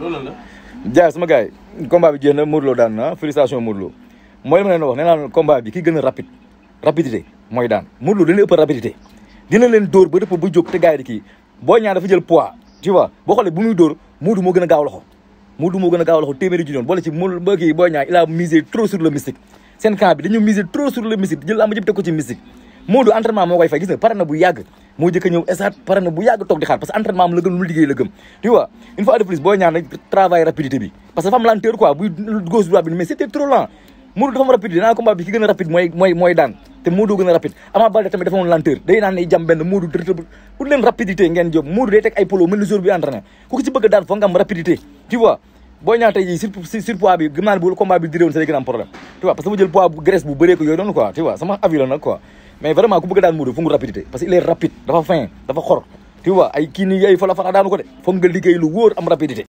loolu jaay sama gars yi combat bi jeex na Modou daan na félicitation mooy li ma wax nee naa combat bi ki gën a rapide rapidité mooy daan Modou Lo dina ëpp rapidité dina leen dóor ba dëpp ba jóg te gars yi di kii boo ñaan dafa jël poids tu vois boo xoolee bu muy dóor Modou moo gën a gaaw loxo Modou moo gën a gaaw loxo téeméeri junniyoon boole ci Modou ba kii boo ñaan il a misé trop sur le mystique seen camp bi dañu misé trop sur le mystique jël làmb jëpp teg ko ci mystique Modou entraînement mo koy fay gis nga pare bu yag mo jëk ñew esat pare bu yag tok di xaar parce que entraînement am la gën lu mu liggéey la gëm tu vois une fois de plus boy ñaan rek travail rapidité bi parce que fam am lenteur quoi bu gauche droite bi mais c'était trop lent Modou dafa am rapide dinaa combat bi ki gëna rapide moy moy moy daan té Modou gën a rapide Ama Baldé tamit dafa amoon lenteur day naan ni jam benn Modou pour leen rapidité ngeen jóg Modou day tek ay polo mel ni jour bi entraîné ku ko ci bëgg daan fo nga am rapidité tu vois boy ñaan tay sur sur poids bi gëm bu combat bi diréwoon sa day gën a am problème tu vois parce que bu jël poids bu graisse bu bëré ko yoy non quoi tu vois sama avis la nak quoi mais vraiment ku bëgg daan Modou Lô fu nga rapidité parce que il est rapide dafa fin dafa xor tu vois ay kii nii yooyu fara daanu ko de foog nga liggéey lu am rapidité